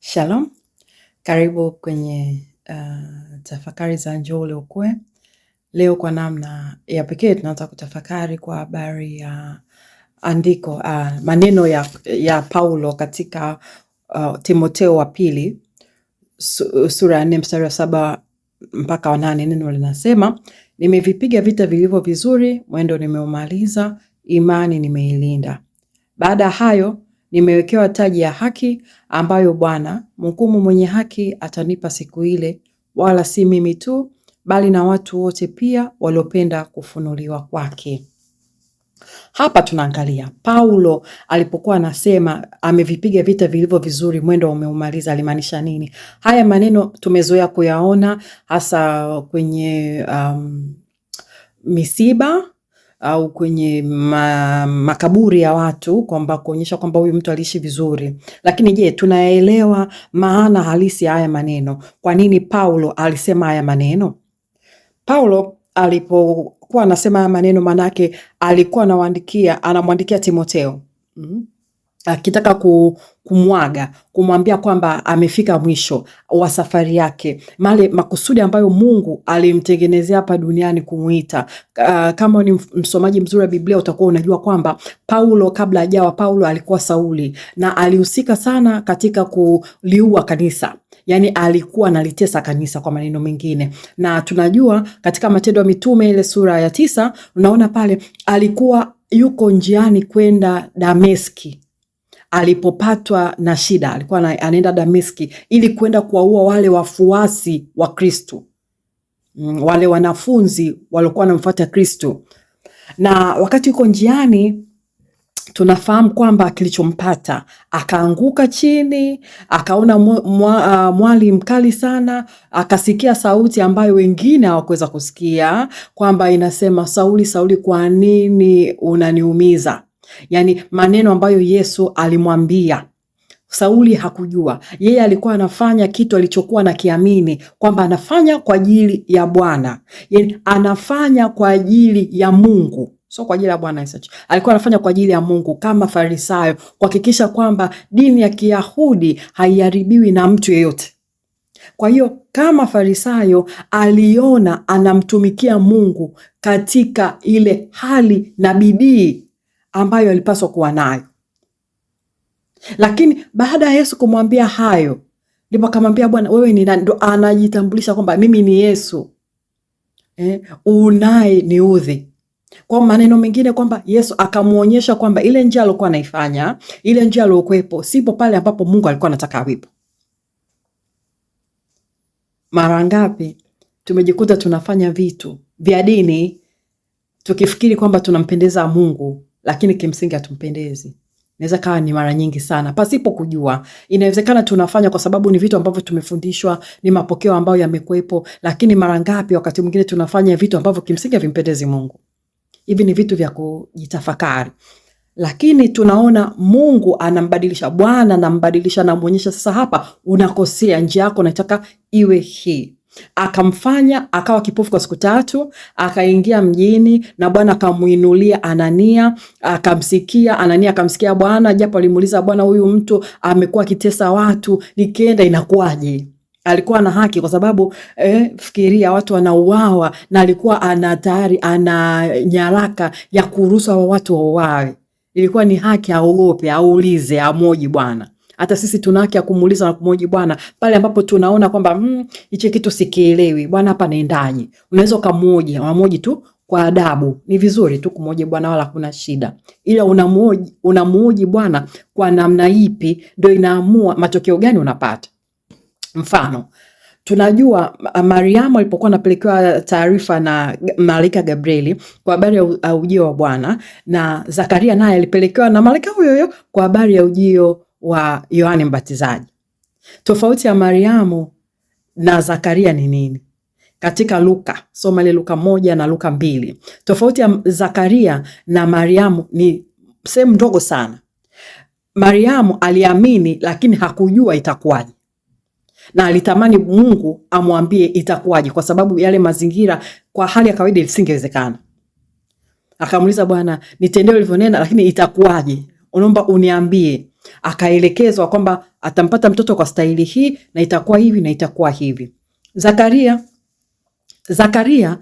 Shalom, karibu kwenye uh, tafakari za Njoo ukue Leo kwa namna ya pekee tunaanza kutafakari kwa habari ya andiko uh, maneno ya, ya Paulo katika uh, Timotheo wa pili su, sura ya nne mstari wa saba mpaka wa nane. Neno linasema Nimevipiga vita vilivyo vizuri, mwendo nimeumaliza, imani nimeilinda. Baada ya hayo nimewekewa taji ya haki ambayo Bwana mhukumu mwenye haki atanipa siku ile, wala si mimi tu, bali na watu wote pia waliopenda kufunuliwa kwake. Hapa tunaangalia Paulo alipokuwa anasema amevipiga vita vilivyo vizuri, mwendo umeumaliza, alimaanisha nini? Haya maneno tumezoea kuyaona hasa kwenye um, misiba au kwenye ma, makaburi ya watu kwamba kuonyesha kwamba huyu mtu aliishi vizuri. Lakini je, tunaelewa maana halisi ya haya maneno? Kwa nini Paulo alisema haya maneno? Paulo alipo kuwa anasema haya maneno, manake alikuwa anawaandikia, anamwandikia Timoteo mm-hmm akitaka kumwaga kumwambia kwamba amefika mwisho wa safari yake, male makusudi ambayo Mungu alimtengenezea hapa duniani kumuita. Uh, kama ni msomaji mzuri wa Biblia utakuwa unajua kwamba Paulo kabla ajawa Paulo alikuwa Sauli na alihusika sana katika kuliua kanisa yani alikuwa analitesa kanisa kwa maneno mengine, na tunajua katika Matendo ya Mitume ile sura ya tisa unaona pale alikuwa yuko njiani kwenda Dameski alipopatwa na shida, alikuwa anaenda Dameski ili kwenda kuwaua wale wafuasi wa kristu mm, wale wanafunzi waliokuwa wanamfuata kristu Na wakati yuko njiani tunafahamu kwamba kilichompata akaanguka chini, akaona ah, mwali mkali sana, akasikia sauti ambayo wengine hawakuweza kusikia, kwamba inasema Sauli, Sauli, kwa nini unaniumiza? Yaani maneno ambayo Yesu alimwambia Sauli hakujua, yeye alikuwa anafanya kitu alichokuwa nakiamini kwamba anafanya kwa ajili ya Bwana, yaani anafanya kwa ajili ya Mungu Sio kwa ajili ya Bwana Yesu. Alikuwa anafanya kwa ajili ya Mungu kama Farisayo, kuhakikisha kwamba dini ya Kiyahudi haiharibiwi na mtu yeyote. Kwa hiyo kama Farisayo aliona anamtumikia Mungu katika ile hali na bidii ambayo alipaswa kuwa nayo. Lakini baada ya Yesu kumwambia hayo, ndipo akamwambia Bwana, wewe ni nani? Ndo anajitambulisha kwamba mimi ni Yesu eh, unaye niudhi kwa maneno mengine kwamba Yesu akamwonyesha kwamba ile njia aliyokuwa anaifanya, ile njia aliyokuwepo sipo pale ambapo Mungu alikuwa anataka awepo. Mara ngapi tumejikuta tunafanya vitu vya dini tukifikiri kwamba tunampendeza Mungu, lakini kimsingi hatumpendezi. Inaweza kawa ni mara nyingi sana pasipo kujua. Inawezekana tunafanya kwa sababu ni vitu ambavyo tumefundishwa, ni mapokeo ambayo yamekuwepo, lakini mara ngapi wakati mwingine tunafanya vitu ambavyo kimsingi havimpendezi Mungu. Hivi ni vitu vya kujitafakari, lakini tunaona Mungu anambadilisha, Bwana anambadilisha, anamwonyesha sasa, hapa unakosea, njia yako nataka iwe hii akamfanya akawa kipofu kwa siku tatu, akaingia mjini na Bwana akamuinulia Anania, akamsikia Anania, akamsikia Bwana, japo alimuuliza Bwana, huyu mtu amekuwa akitesa watu, nikienda inakuwaje? alikuwa na haki kwa sababu eh, fikiria watu wanauawa na alikuwa ana tayari ana nyaraka ya kuruhusu hawa watu wauawe. Ilikuwa ni haki, aogope, aulize, amoji Bwana. Hata sisi tuna haki ya kumuuliza na kumoji Bwana pale ambapo tunaona kwamba hmm, hichi mm, kitu sikielewi, Bwana hapa naendaje? Unaweza ukamoji, amoji tu kwa adabu. Ni vizuri tu kumoji Bwana, wala hakuna shida, ila unamoji, unamuoji Bwana kwa namna ipi ndio inaamua matokeo gani unapata. Mfano, tunajua uh, Mariamu alipokuwa anapelekewa taarifa na malaika Gabrieli kwa habari ya uh, ujio wa Bwana, na Zakaria naye alipelekewa na malaika huyo huyo kwa habari ya ujio wa Yohane Mbatizaji. Tofauti ya Mariamu na Zakaria ni nini? Katika Luka, soma ile Luka moja na Luka mbili. Tofauti ya Zakaria na Mariamu ni sehemu ndogo sana. Mariamu aliamini, lakini hakujua itakuwaje na alitamani Mungu amwambie itakuwaje, kwa sababu yale mazingira kwa hali ya kawaida isingewezekana. Akamuuliza, Bwana, nitendee ulivyonena, lakini itakuwaje? Unaomba uniambie. Akaelekezwa kwamba atampata mtoto kwa staili hii na itakuwa hivi na itakuwa hivi. Zakaria, Zakaria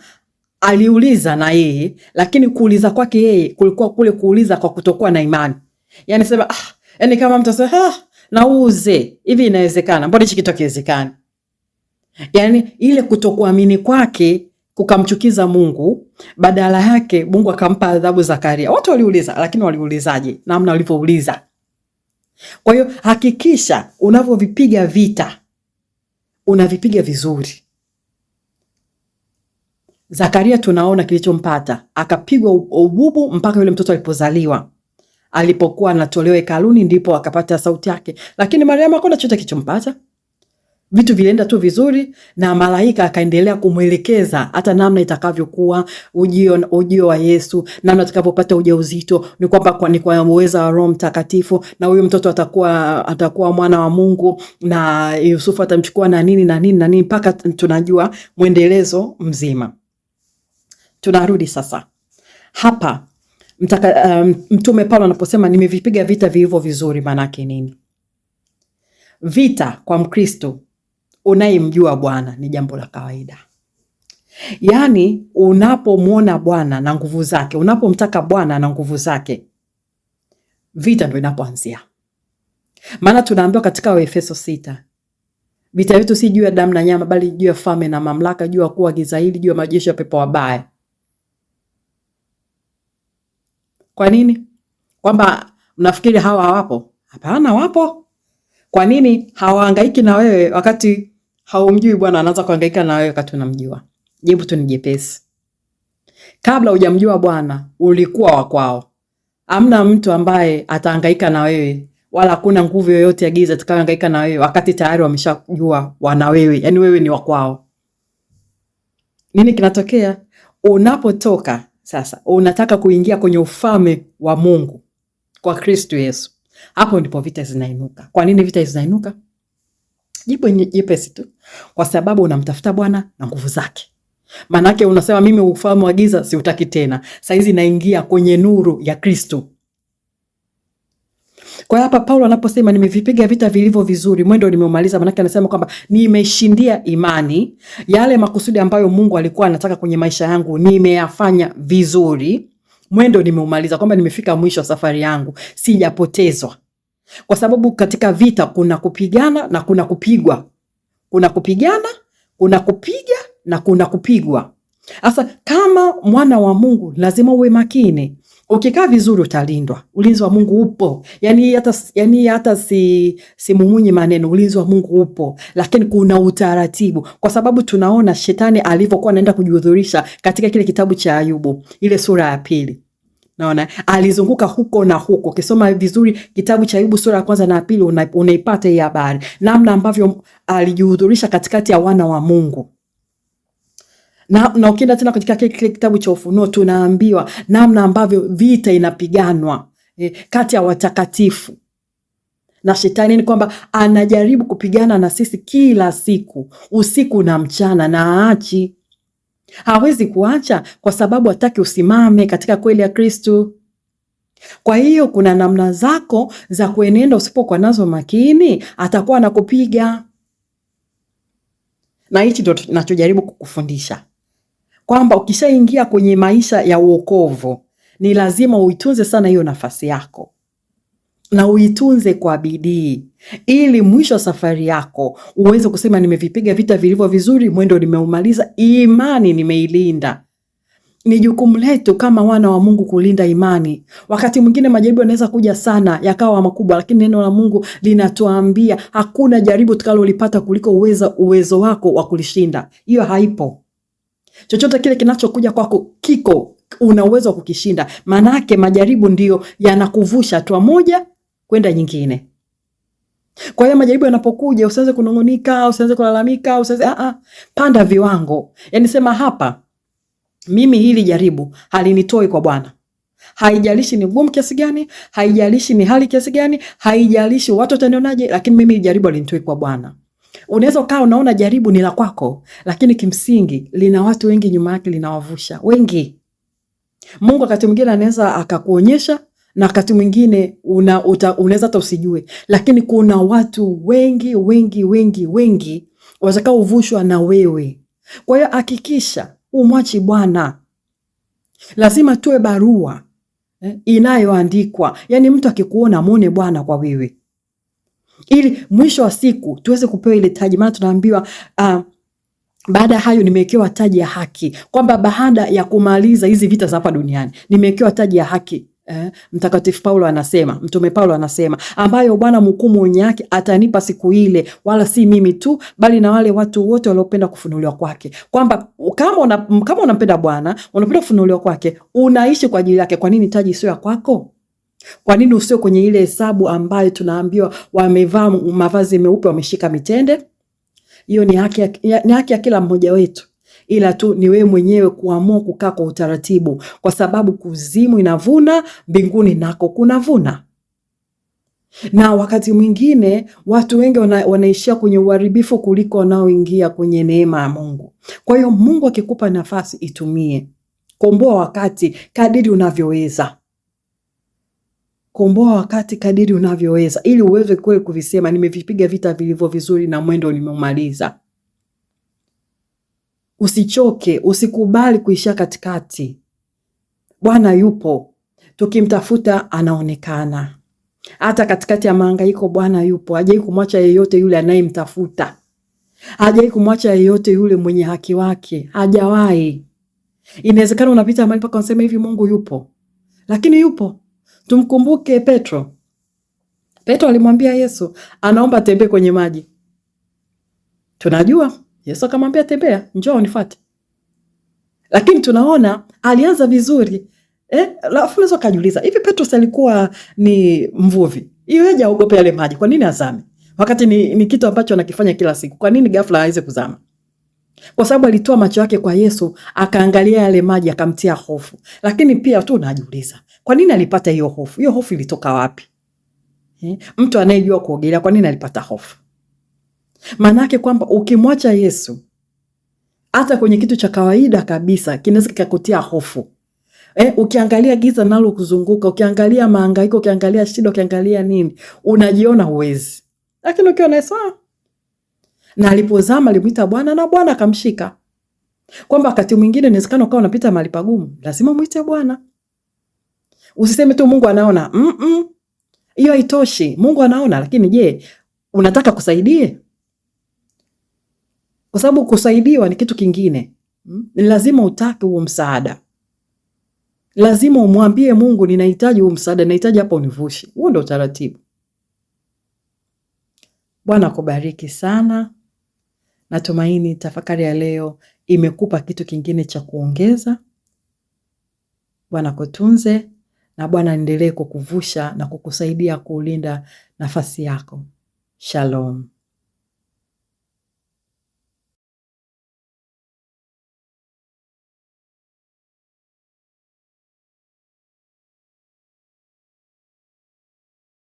aliuliza na yeye, lakini kuuliza kwake yeye kulikuwa kule kuuliza kwa kutokuwa na imani, yani sema ah, yani kama mtu sema ah, na uuze. Hivi inawezekana? Mbona hichi kitu hakiwezekani? Yaani ile kutokuamini kwake kukamchukiza Mungu, badala yake Mungu akampa adhabu Zakaria. Watu waliuliza, lakini waliulizaje? Namna walivyouliza. Kwa hiyo hakikisha unavyovipiga vita unavipiga vizuri. Zakaria tunaona kilichompata, akapigwa ububu mpaka yule mtoto alipozaliwa alipokuwa anatolewa hekaluni, ndipo akapata sauti yake, lakini Mariamu hakuna chochote kilichompata. Vitu vilienda tu vizuri, na malaika akaendelea kumwelekeza hata namna itakavyokuwa ujio, ujio wa Yesu, namna atakavyopata ujauzito, ni kwamba kwa ni kwa uweza wa Roho Mtakatifu, na huyu mtoto atakuwa atakuwa mwana wa Mungu, na Yusufu atamchukua na nini na nini na nini, mpaka tunajua mwendelezo mzima. Tunarudi sasa hapa mtaka, um, Mtume Paulo anaposema nimevipiga vita vilivyo vizuri, maana yake nini? Vita kwa Mkristo unayemjua Bwana ni jambo la kawaida. Yaani, unapomwona Bwana na nguvu zake, unapomtaka Bwana na nguvu zake, vita ndio inapoanzia. Maana tunaambiwa katika Waefeso sita, vita yetu si juu ya damu na nyama, bali juu ya falme na mamlaka, juu ya kuwa wa giza hili, juu ya majeshi ya pepo wabaya Kwa nini? Kwamba mnafikiri hawa hawapo? Hapana, wapo. Kwa nini hawahangaiki na wewe wakati haumjui? Bwana anaanza kuhangaika na wewe wakati unamjua. Jibu tu ni jepesi. Kabla hujamjua Bwana ulikuwa wa kwao. Amna mtu ambaye atahangaika na wewe wala kuna nguvu yoyote ya giza itakayohangaika na wewe wakati tayari wameshajua wana wewe, yaani wewe ni wa kwao. Nini kinatokea unapotoka sasa unataka kuingia kwenye ufalme wa Mungu kwa Kristo Yesu, hapo ndipo vita zinainuka. Kwa nini vita zinainuka? Jipo jepesi tu, kwa sababu unamtafuta Bwana na nguvu zake. Maanake unasema mimi ufalme wa giza siutaki tena, saizi naingia kwenye nuru ya Kristo. Kwa hiyo hapa Paulo anaposema nimevipiga vita vilivyo vizuri, mwendo nimeumaliza, maanake anasema kwamba nimeshindia imani, yale makusudi ambayo Mungu alikuwa anataka kwenye maisha yangu nimeyafanya vizuri, mwendo nimeumaliza, kwamba nimefika mwisho wa safari yangu, sijapotezwa. Kwa sababu katika vita kuna kupigana na kuna kupigwa, kuna kupigana, kuna kupiga na kuna kupigwa. Sasa kama mwana wa Mungu lazima uwe makini Ukikaa vizuri utalindwa. Ulinzi wa Mungu upo, yaani hata yaani hata si simumunyi maneno, ulinzi wa Mungu upo, lakini kuna utaratibu, kwa sababu tunaona shetani alivyokuwa anaenda kujihudhurisha katika kile kitabu cha Ayubu, ile sura ya pili naona alizunguka huko na huko. Ukisoma vizuri kitabu cha Ayubu sura ya kwanza na ya pili, unaipata hii habari, namna ambavyo alijihudhurisha katikati ya wana wa Mungu na, na ukienda tena katika kile kitabu cha Ufunuo tunaambiwa namna ambavyo vita inapiganwa eh, kati ya watakatifu na shetani ni kwamba anajaribu kupigana na sisi kila siku, usiku na mchana, na aachi, hawezi kuacha kwa sababu hataki usimame katika kweli ya Kristo. Kwa hiyo kuna namna zako za kuenenda, usipokuwa nazo makini, atakuwa anakupiga na hichi ndo tunachojaribu kukufundisha kwamba ukishaingia kwenye maisha ya uokovu ni lazima uitunze sana hiyo nafasi yako na uitunze kwa bidii, ili mwisho wa safari yako uweze kusema nimevipiga vita vilivyo vizuri, mwendo nimeumaliza, imani nimeilinda. Ni jukumu letu kama wana wa Mungu kulinda imani. Wakati mwingine majaribu yanaweza kuja sana yakawa makubwa, lakini neno la Mungu linatuambia hakuna jaribu tukalolipata kuliko uweza uwezo wako wa kulishinda. Hiyo haipo. Chochote kile kinachokuja kwako kiko, una uwezo wa kukishinda. Maanake majaribu ndiyo yanakuvusha hatua moja kwenda nyingine. Kwa hiyo majaribu yanapokuja, usianze kunung'unika, usianze kulalamika, usianze a ah, ah. panda viwango. yani sema hapa, mimi hili jaribu halinitoi kwa Bwana. Haijalishi ni gumu kiasi gani, haijalishi ni hali kiasi gani, haijalishi watu watanionaje, lakini mimi hili jaribu halinitoi kwa Bwana. Unaweza ukawa unaona jaribu ni la kwako, lakini kimsingi lina watu wengi nyuma yake, linawavusha wengi. Mungu wakati mwingine anaweza akakuonyesha na wakati mwingine unaweza hata usijue, lakini kuna watu wengi wengi wengi wengi watakaovushwa na wewe. Kwa hiyo hakikisha umwachi Bwana. Lazima tuwe barua eh, inayoandikwa, yaani mtu akikuona mwone Bwana kwa wewe ili mwisho wa siku tuweze kupewa ile taji, maana tunaambiwa uh, baada ya hayo nimewekewa taji ya haki, kwamba baada ya kumaliza hizi vita za hapa duniani nimewekewa taji ya haki. Eh, Mtakatifu Paulo anasema, Mtume Paulo anasema, ambayo Bwana mhukumu mwenye haki atanipa siku ile, wala si mimi tu, bali na wale watu wote waliopenda kufunuliwa kwake. Kwamba kama una, kama unampenda Bwana, unapenda kufunuliwa kwake, unaishi kwa ajili yake. Kwa nini taji sio ya kwako? Kwa nini usio kwenye ile hesabu ambayo tunaambiwa wamevaa mavazi meupe, wameshika mitende? Hiyo ni haki ya, ni haki ya kila mmoja wetu, ila tu ni wewe mwenyewe kuamua kukaa kwa utaratibu, kwa sababu kuzimu inavuna, mbinguni nako kunavuna. Na wakati mwingine watu wengi wana, wanaishia kwenye uharibifu kuliko wanaoingia kwenye neema ya Mungu. Kwa hiyo Mungu akikupa nafasi itumie, komboa wakati kadiri unavyoweza komboa wakati kadiri unavyoweza, ili uweze kweli kuvisema, nimevipiga vita vilivyo vizuri na mwendo nimeumaliza. Usichoke, usikubali kuishia katikati. Bwana yupo, tukimtafuta anaonekana. Hata katikati ya mahangaiko Bwana yupo, hajai kumwacha yeyote yule anayemtafuta, hajai kumwacha yeyote yule mwenye haki wake, hajawahi. Inawezekana unapita mahali paka unasema hivi, Mungu yupo, lakini yupo Tumkumbuke Petro. Petro alimwambia Yesu, anaomba tembee kwenye maji. Tunajua Yesu akamwambia tembea, njoo unifuate. Lakini tunaona alianza vizuri eh, alafu unaweza ukajiuliza hivi Petro alikuwa ni mvuvi, iweje aogope yale maji? Kwa nini azame wakati ni, ni kitu ambacho anakifanya kila siku? Kwa nini ghafla aweze kuzama? kwa sababu alitoa macho yake kwa Yesu, akaangalia yale maji, akamtia hofu. Lakini pia tu najiuliza kwa nini alipata hiyo hofu? Hiyo hofu ilitoka wapi? He? Eh, mtu anayejua kuogelea kwa nini alipata hofu? Maana yake kwamba ukimwacha Yesu hata kwenye kitu cha kawaida kabisa kinaweza kikakutia hofu. Eh, ukiangalia giza nalo kuzunguka, ukiangalia maangaiko, ukiangalia shida, ukiangalia nini, unajiona huwezi, lakini ukiwa na Yesu ah, na alipozama alimwita Bwana na Bwana akamshika. Kwamba wakati mwingine inawezekana ukawa unapita mahali pagumu, lazima mwite Bwana. Usiseme tu Mungu anaona. Mm -mm. Hiyo haitoshi. Mungu anaona, lakini je, unataka kusaidie? Kwa sababu kusaidiwa ni kitu kingine. Hmm? Ni lazima utake huo msaada. Lazima umwambie Mungu, ninahitaji huu msaada, nahitaji hapa univushi. Huo ndio utaratibu. Bwana akubariki sana. Natumaini tafakari ya leo imekupa kitu kingine cha kuongeza. Bwana kutunze na Bwana aendelee kukuvusha na kukusaidia kuulinda nafasi yako. Shalom.